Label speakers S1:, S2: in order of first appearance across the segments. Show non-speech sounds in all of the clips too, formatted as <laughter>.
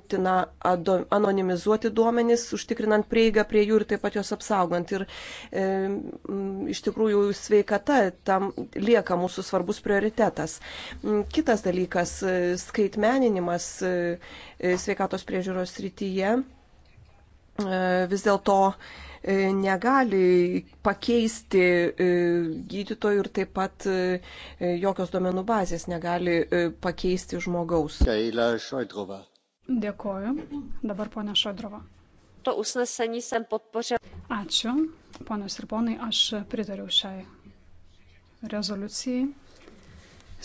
S1: tina anonimizuoti duomenys, užtikrinant prieigą prie jų ir taip pat juos apsaugant. Ir e, iš tikrųjų sveikata tam lieka mūsų svarbus prioritetas. Kitas dalykas - skaitmeninimas e, e, sveikatos priežiūros rytyje e, vis dėlto negali pakeisti gydytojų ir taip pat jokios duomenų bazės negali pakeisti žmogaus. Gaila Šoidrova.
S2: Dėkoju. Dabar ponia Šodrova. To usnesenį sem podpořil. Ačiū. Ponios ir ponai, aš pritariau šiai rezoliucijai.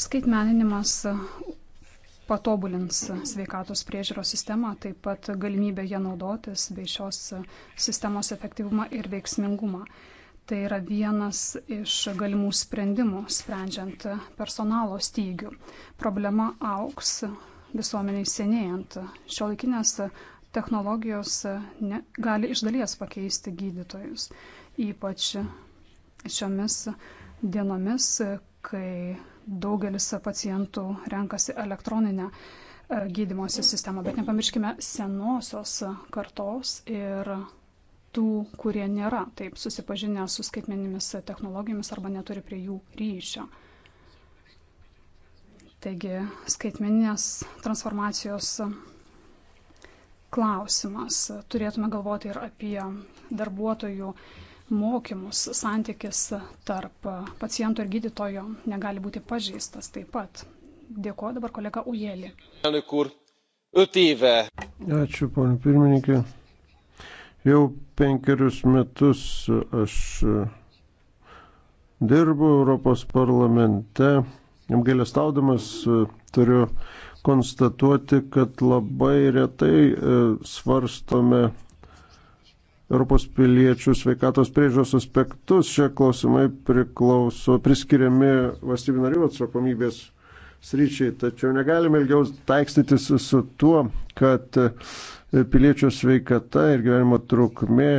S2: Skaitmeninimas patobulins sveikatos priežiūros sistemą, taip pat galimybę ją naudotis bei šios sistemos efektyvumą ir veiksmingumą. Tai yra vienas iš galimų sprendimų, sprendžiant personalo stygių. Problema auks, visuomeniai senėjant. Šiuolaikinės technologijos ne, gali iš dalies pakeisti gydytojus, ypač šiomis dienomis, kai daugelis pacientų renkasi elektroninę e, gydimosi sistemą. Bet nepamirškime senosios kartos ir tų, kurie nėra taip susipažinę su skaitmenimis technologijomis arba neturi prie jų ryšio. Taigi skaitmeninės transformacijos klausimas. Turėtume galvoti ir apie darbuotojų mokymus. Santykis tarp paciento ir gydytojo negali būti pažįstas taip pat. Dėkuoju dabar kolega Ujėlį.
S3: Ačiū, ponė pirmininkė. Jau penkerius metus aš dirbu Europos parlamente Apgailestaudamas e, turiu konstatuoti, kad labai retai e, svarstome Europos piliečių sveikatos priežos aspektus. Šie klausimai priklauso, priskiriami valstybių narių atsakomybės sryčiai, tačiau negalime ilgiau taikstytis su tuo, kad e, piliečių sveikata ir gyvenimo trukmė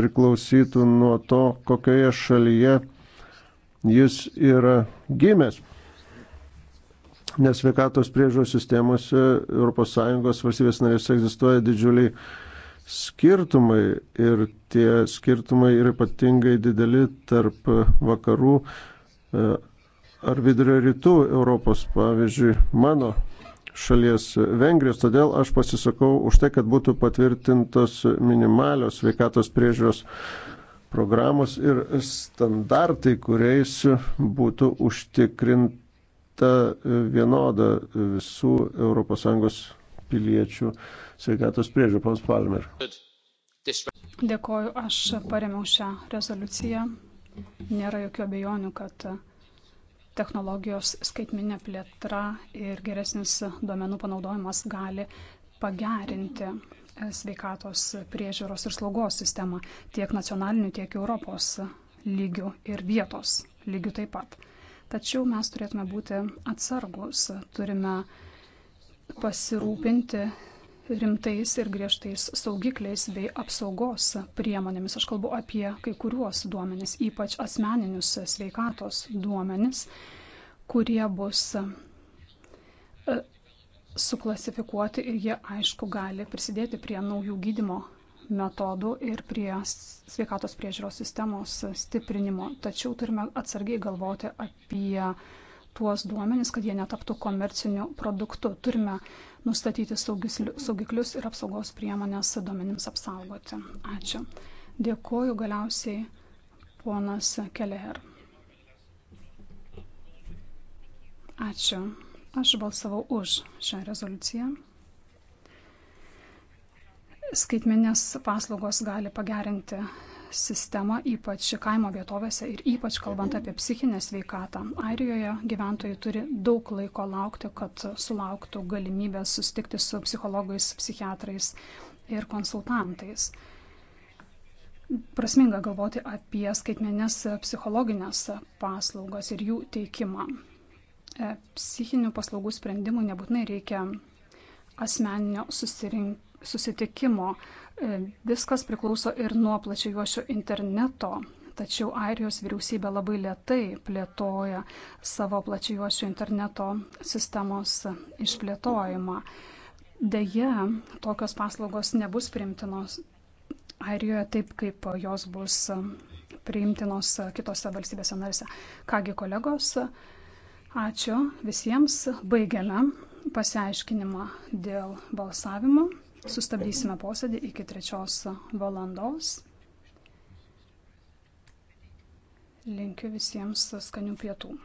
S3: priklausytų nuo to, kokioje šalyje jis yra gimęs nes sveikatos priežiūros sistemose ES valstybės narėse egzistuoja didžiuliai skirtumai ir tie skirtumai yra ypatingai dideli tarp vakarų e, ar vidurio rytų Europos, pavyzdžiui, mano šalies Vengrijos. Todėl aš pasisakau už tai, kad būtų patvirtintos minimalios sveikatos priežiūros programos ir standartai, kuriais būtų užtikrinta skirta e, vienoda e, visų ES piliečių sveikatos priežiūra. Pons Palmer.
S2: Dėkoju, aš paremiau šią rezoliuciją. Nėra jokių abejonių, kad technologijos skaitminė plėtra ir geresnis duomenų panaudojimas gali pagerinti sveikatos priežiūros ir slaugos sistemą tiek nacionaliniu, tiek Europos lygiu ir vietos lygiu taip pat. Tačiau mes turėtume būti atsargus, turime pasirūpinti rimtais ir griežtais saugikliais bei apsaugos priemonėmis. Aš kalbu apie kai kuriuos duomenis, ypač asmeninius sveikatos duomenis, kurie bus e, suklasifikuoti ir jie aišku gali prisidėti prie naujų gydimo metodų ir prie sveikatos priežiūros sistemos stiprinimo. Tačiau turime atsargiai galvoti apie tuos duomenis, kad jie netaptų komerciniu produktu. Turime nustatyti saugis, saugiklius ir apsaugos priemonės duomenims apsaugoti. Ačiū. Dėkuoju galiausiai ponas Keleher. Ačiū. Aš balsavau už šią rezoliuciją skaitmenės paslaugos gali pagerinti sistemą, ypač kaimo vietovėse ir ypač kalbant apie psichinę sveikatą. Airijoje gyventojai turi daug laiko laukti, kad sulauktų galimybės sustikti su psichologais, psichiatrais ir konsultantais. Prasminga galvoti apie skaitmenės psichologinės paslaugas ir jų teikimą. E, psichinių paslaugų sprendimų nebūtinai reikia asmeninio susirinkimo susitikimo. E, viskas priklauso ir nuo plačiajuošio interneto. Tačiau Airijos vyriausybė labai lietai plėtoja savo plačiajuošio interneto sistemos išplėtojimą. Deja, tokios paslaugos nebus primtinos Airijoje taip, kaip jos bus priimtinos kitose valstybėse narise. Kągi kolegos, ačiū visiems, baigiame pasiaiškinimą dėl balsavimo. Sustabdysime posėdį iki trečios valandos. Linkiu visiems skanių pietų.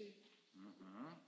S2: Mhm.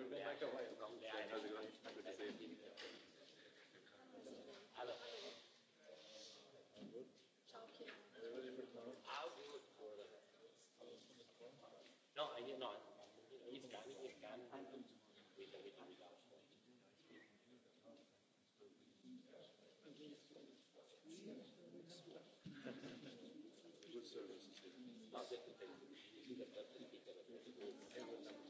S4: Good services. Not just the thing. You see the person, you get the person.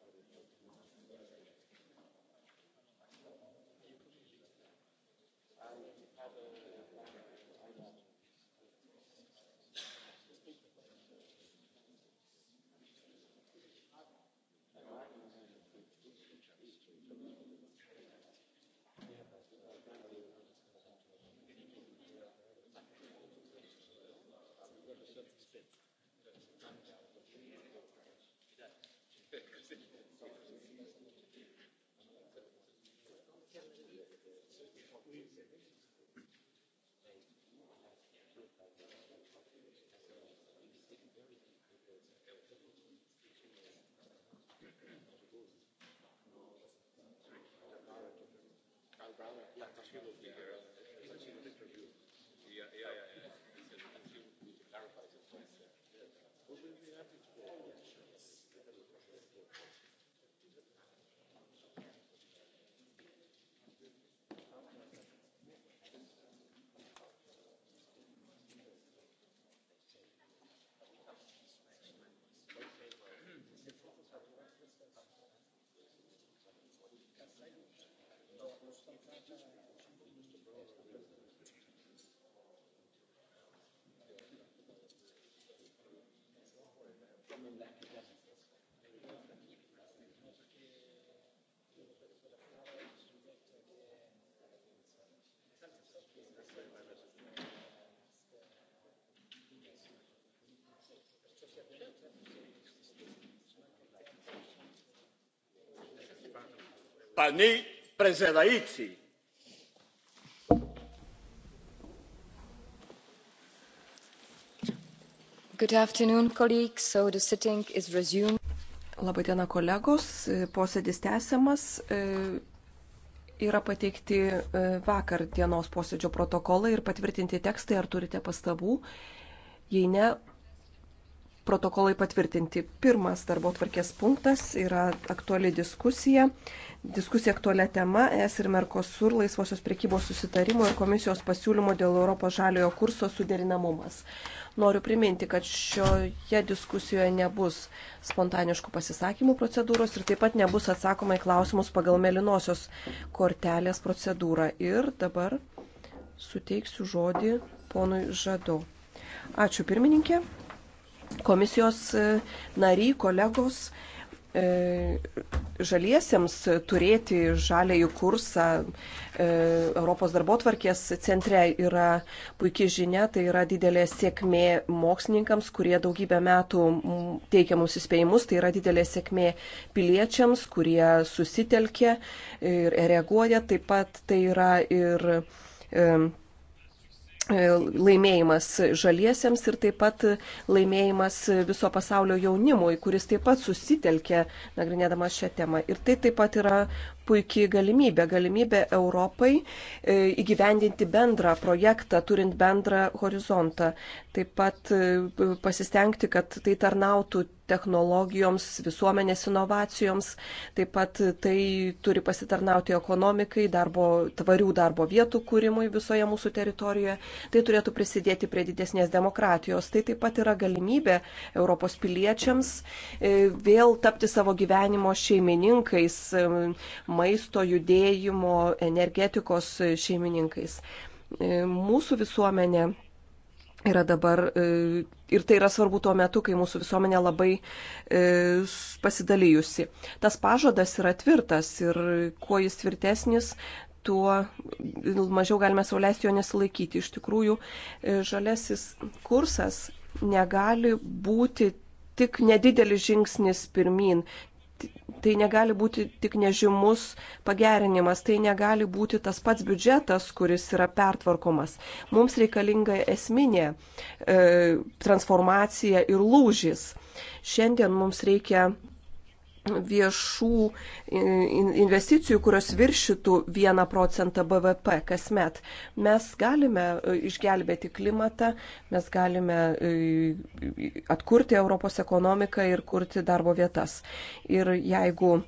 S4: Yeah, yeah, yeah. yeah. He said that she would clarify the points. Yeah. Well, we'll be happy to. pani presedaici.
S1: Good afternoon, colleagues. So the sitting is resumed. Labadiena kolegos, posėdis tęsiamas. Yra pateikti e, vakar dienos posėdžio protokolai ir patvirtinti tekstai, ar turite pastabų. Jei ne, protokolai patvirtinti. Pirmas darbo tvarkės punktas yra aktuali diskusija. Diskusija aktualia tema ES ir Merkosur laisvosios priekybos susitarimo ir komisijos pasiūlymo dėl Europos žaliojo kurso suderinamumas. Noriu priminti, kad šioje diskusijoje nebus spontaniškų pasisakymų procedūros ir taip pat nebus atsakoma į klausimus pagal melinosios kortelės procedūrą. Ir dabar suteiksiu žodį ponui Žadu. Ačiū pirmininkė. Komisijos e, nariai, kolegos, e, žaliesiems turėti žalėjų kursą e, Europos darbo tvarkės centre yra puikiai žinia, tai yra didelė sėkmė mokslininkams, kurie daugybę metų teikia mums įspėjimus, tai yra didelė sėkmė piliečiams, kurie susitelkia ir reaguoja, taip pat tai yra ir E, laimėjimas žaliesiems ir taip pat laimėjimas viso pasaulio jaunimui, kuris taip pat susitelkė nagrinėdamas šią temą. Ir tai taip pat yra puikiai galimybė, galimybė Europai e, įgyvendinti bendrą projektą, turint bendrą horizontą. Taip pat e, pasistengti, kad tai tarnautų technologijoms, visuomenės inovacijoms, taip pat e, tai turi pasitarnauti ekonomikai, darbo, tvarių darbo vietų kūrimui visoje mūsų teritorijoje, tai turėtų prisidėti prie didesnės demokratijos. Tai taip pat yra galimybė Europos piliečiams vėl tapti savo gyvenimo šeimininkais, maisto judėjimo, energetikos šeimininkais. E, mūsų visuomenė yra dabar e, ir tai yra svarbu tuo metu, kai mūsų visuomenė labai e, pasidalijusi. Tas pažadas yra tvirtas ir kuo jis tvirtesnis, tuo mažiau galime sauliaisti jo nesilaikyti. Iš tikrųjų, žalesis kursas negali būti tik nedidelis žingsnis pirmin, tai negali būti tik nežymus pagerinimas, tai negali būti tas pats biudžetas, kuris yra pertvarkomas. Mums reikalinga esminė e, transformacija ir lūžis. Šiandien mums reikia viešų investicijų, kurios viršytų 1 procentą BVP kasmet. Mes galime e, išgelbėti klimatą, mes galime e, atkurti Europos ekonomiką ir kurti darbo vietas. Ir jeigu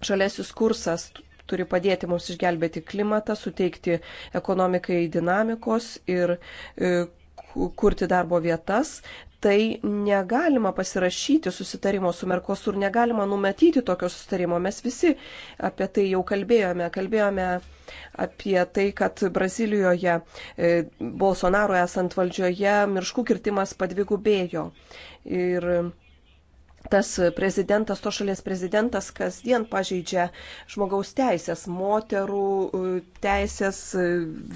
S1: šalėsis kursas turi padėti mums išgelbėti klimatą, suteikti ekonomikai dinamikos ir e, kurti darbo vietas, tai negalima pasirašyti susitarimo su Merkosur, negalima numatyti tokio susitarimo. Mes visi apie tai jau kalbėjome. Kalbėjome apie tai, kad Brazilijoje e, Bolsonaro esant valdžioje miškų kirtimas padvigubėjo. Ir tas prezidentas, to šalies prezidentas kasdien pažeidžia žmogaus teisės, moterų e, teisės, e,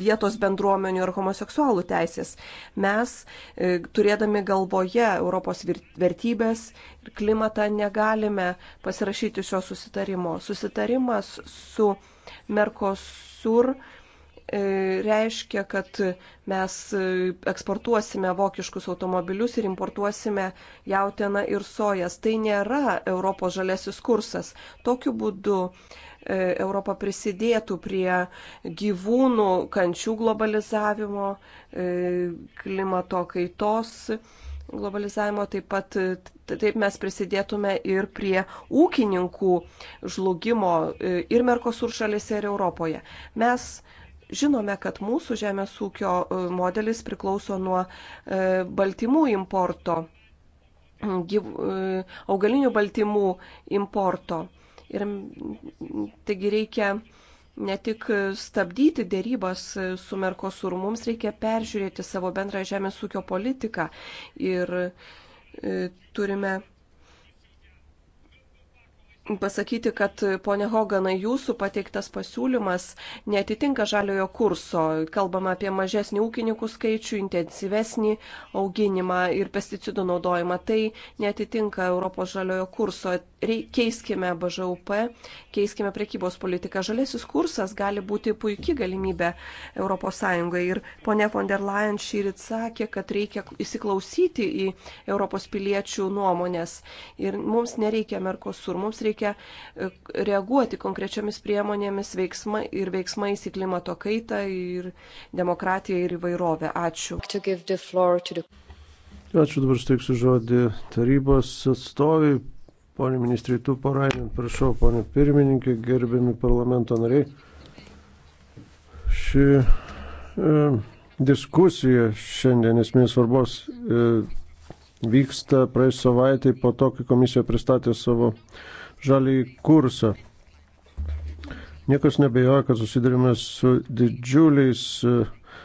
S1: vietos bendruomenių ir homoseksualų teisės. Mes, e, turėdami galvoje Europos vertybės ir klimatą, negalime pasirašyti šio susitarimo. Susitarimas su Merkosur E, reiškia, kad mes e, eksportuosime vokiškus automobilius ir importuosime jautieną ir sojas. Tai nėra Europos žalesis kursas. Tokiu būdu e, Europa prisidėtų prie gyvūnų kančių globalizavimo, klimato kaitos globalizavimo, taip pat taip mes prisidėtume ir prie ūkininkų žlugimo ir Merkosur šalise, ir Europoje. Mes Žinome, kad mūsų žemės ūkio e, modelis priklauso nuo e, baltymų importo, e, augalinių baltymų importo. Ir taigi reikia ne tik stabdyti dėrybas su Merkosur, mums reikia peržiūrėti savo bendrą žemės ūkio politiką ir turime pasakyti, kad ponė Hoganai, jūsų pateiktas pasiūlymas netitinka žaliojo kurso. Kalbama apie mažesnį ūkininkų skaičių, intensyvesnį auginimą ir pesticidų naudojimą. Tai netitinka Europos žaliojo kurso. Keiskime BŽUP, keiskime prekybos politiką. Žalėsis kursas gali būti puikia galimybė ES. Ir ponė von der Leyen šįryt sakė, kad reikia įsiklausyti į Europos piliečių nuomonės. Ir mums nereikia Merkosur, mums reikia reikia e, reaguoti konkrečiomis priemonėmis veiksma, ir veiksmais į klimato kaitą, ir demokratiją, ir įvairovę. Ačiū.
S3: Ačiū dabar steiksiu žodį tarybos atstovai. Pone ministrai, tu parainin, prašau, pone pirmininkai, gerbiami parlamento nariai. Ši e, diskusija šiandien esmės svarbos e, vyksta praeis savaitai po to, kai komisija pristatė savo žalį kursą. Niekas nebejoja, kad susidurime su didžiuliais e,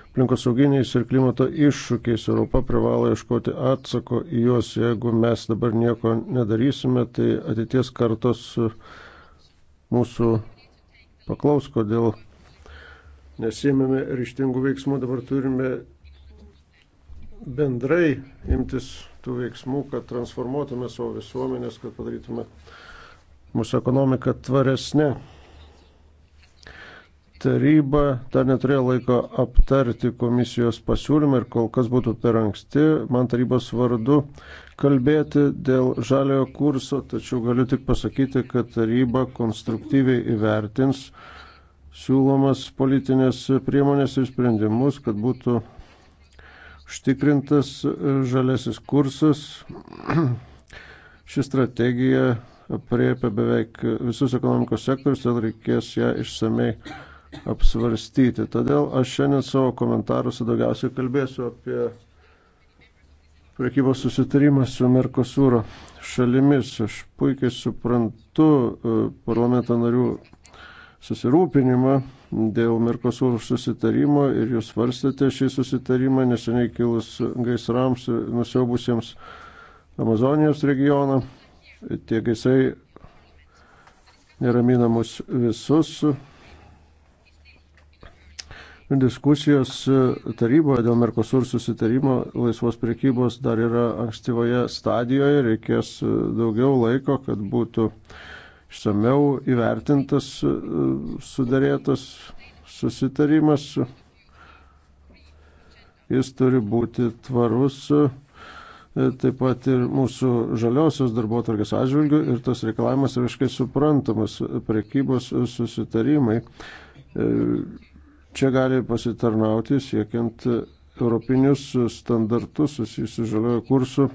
S3: aplinkosauginiais ir klimato iššūkiais. Europa privalo ieškoti atsako į juos. Jeigu mes dabar nieko nedarysime, tai ateities kartos e, mūsų paklaus, kodėl nesėmėme ryštingų veiksmų. Dabar turime bendrai imtis tų veiksmų, kad transformuotume savo visuomenės, kad padarytume mūsų ekonomika tvaresnė. Taryba dar neturėjo laiko aptarti komisijos pasiūlymą ir kol kas būtų per anksti man tarybos vardu kalbėti dėl žaliojo kurso, tačiau galiu tik pasakyti, kad taryba konstruktyviai įvertins siūlomas politinės priemonės ir sprendimus, kad būtų užtikrintas žalesis kursas. <clears throat> Ši strategija priepia beveik visus ekonomikos sektorius, tad reikės ją išsamei apsvarstyti. Todėl aš šiandien savo komentaruose daugiausiai kalbėsiu apie priekybos susitarimas su Merkosūro šalimis. Aš puikiai suprantu e, parlamento narių susirūpinimą dėl Merkosūro susitarimo ir jūs varstėte šį susitarimą neseniai kilus gaisrams nusiaubusiems Amazonijos regioną. Tie gaisrai neramina mus visus. Diskusijos taryboje dėl Merkosur susitarimo laisvos priekybos dar yra ankstyvoje stadijoje, reikės daugiau laiko, kad būtų išsameu įvertintas sudarėtas susitarimas. Jis turi būti tvarus E, taip pat ir mūsų žaliosios darbo tarkės atžvilgių ir tas reikalavimas yra visiškai suprantamas prekybos susitarimai. E, čia gali pasitarnauti siekiant europinius standartus susijusių žaliojo kursų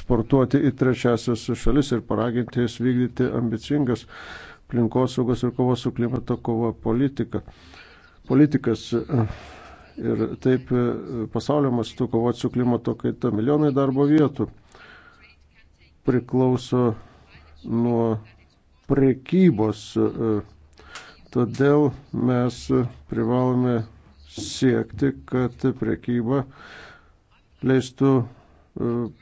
S3: sportuoti į trečiasias šalis ir paraginti jas vykdyti ambicingas aplinkosaugos ir kovos su klimato kova politika. politikas ir taip e, pasaulio mastu kovoti su klimato kaita. Milijonai darbo vietų priklauso nuo prekybos. E, todėl mes privalome siekti, kad prekyba leistų e,